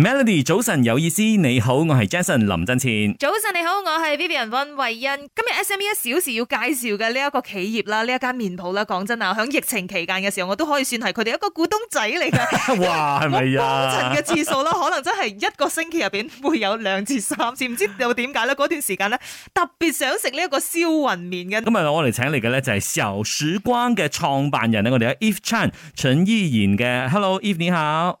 Melody 早晨有意思，你好，我係 Jason 林振前。早晨你好，我係 Vivian 溫慧欣。今日 SME 一小時要介紹嘅呢一個企業啦，呢一間麵鋪啦。講真啊，喺疫情期間嘅時候，我都可以算係佢哋一個股東仔嚟嘅。 哇，係咪呀？多 層嘅次數啦，可能真係一個星期入邊會有兩至三次，唔知又點解咧？嗰段時間呢，特別想食呢一個燒雲麵嘅。今日，我嚟請嚟嘅呢，就係小曙光嘅創辦人咧，我哋喺 Eve Chan 陳依然嘅 Hello Eve 你好。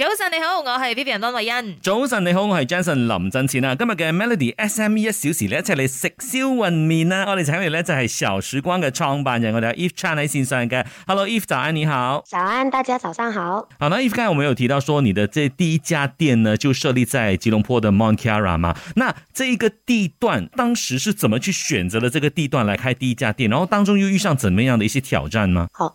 早晨你好，我係 Vivian 梁慧欣。早晨你好，我係 Jason 林振前啊。今日嘅 Melody S M E 一小時咧，一齊嚟食銷魂麵啦。我哋請嚟咧就係、是、小時光嘅創辦人我哋係 If Chan 先生嘅 Hello If 早安你好，早安大家早上好。好啦，If、e、剛才我們有提到說，你的這第一家店呢就設立在吉隆坡的 Mont Kiara 嘛？那這一個地段當時是怎麼去選擇了這個地段來開第一家店，然後當中又遇上怎麼樣的一些挑戰呢？好。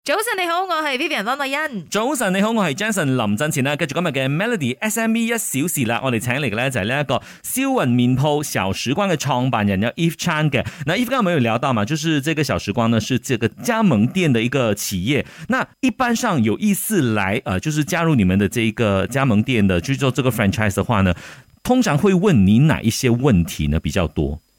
早晨你好，我是 Vivian 方麗欣。早晨你好，我是 Jenson 林振前啦。繼續今日嘅 Melody SME 一小時啦，我哋請嚟嘅咧就係呢一個銷魂麵舖小時光嘅創辦人叫 Eve Chang 嘅。那 Eve 剛才我們有聊到嘛，就是這個小時光呢，是這個加盟店的一個企業。那一般上有意思來呃，就是加入你們的這個加盟店的，去做這個 franchise 的話呢，通常會問你哪一些問題呢比較多？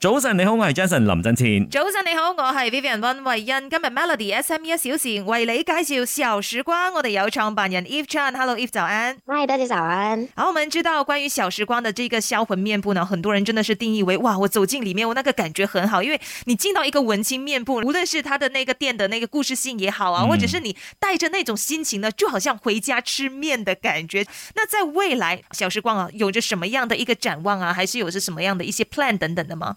早晨，你好，我是 Jason 林振前。早晨，你好，我是 Vivian 溫慧欣。今日 Melody SME 一小時為你介紹小時光。我哋有創辦人 Eve Chan，Hello Eve，早安。Hi，大家早安。好，我們知道關於小時光的這個銷魂麵部呢，很多人真的是定義為哇，我走進裏面，我那個感覺很好，因為你進到一個文青麵部，無論是他的那個店的那個故事性也好啊，嗯、或者是你帶着那種心情呢，就好像回家吃麵的感覺。那在未來小時光啊，有着什麼樣的一個展望啊，還是有着什麼樣的一些 plan 等等的嗎？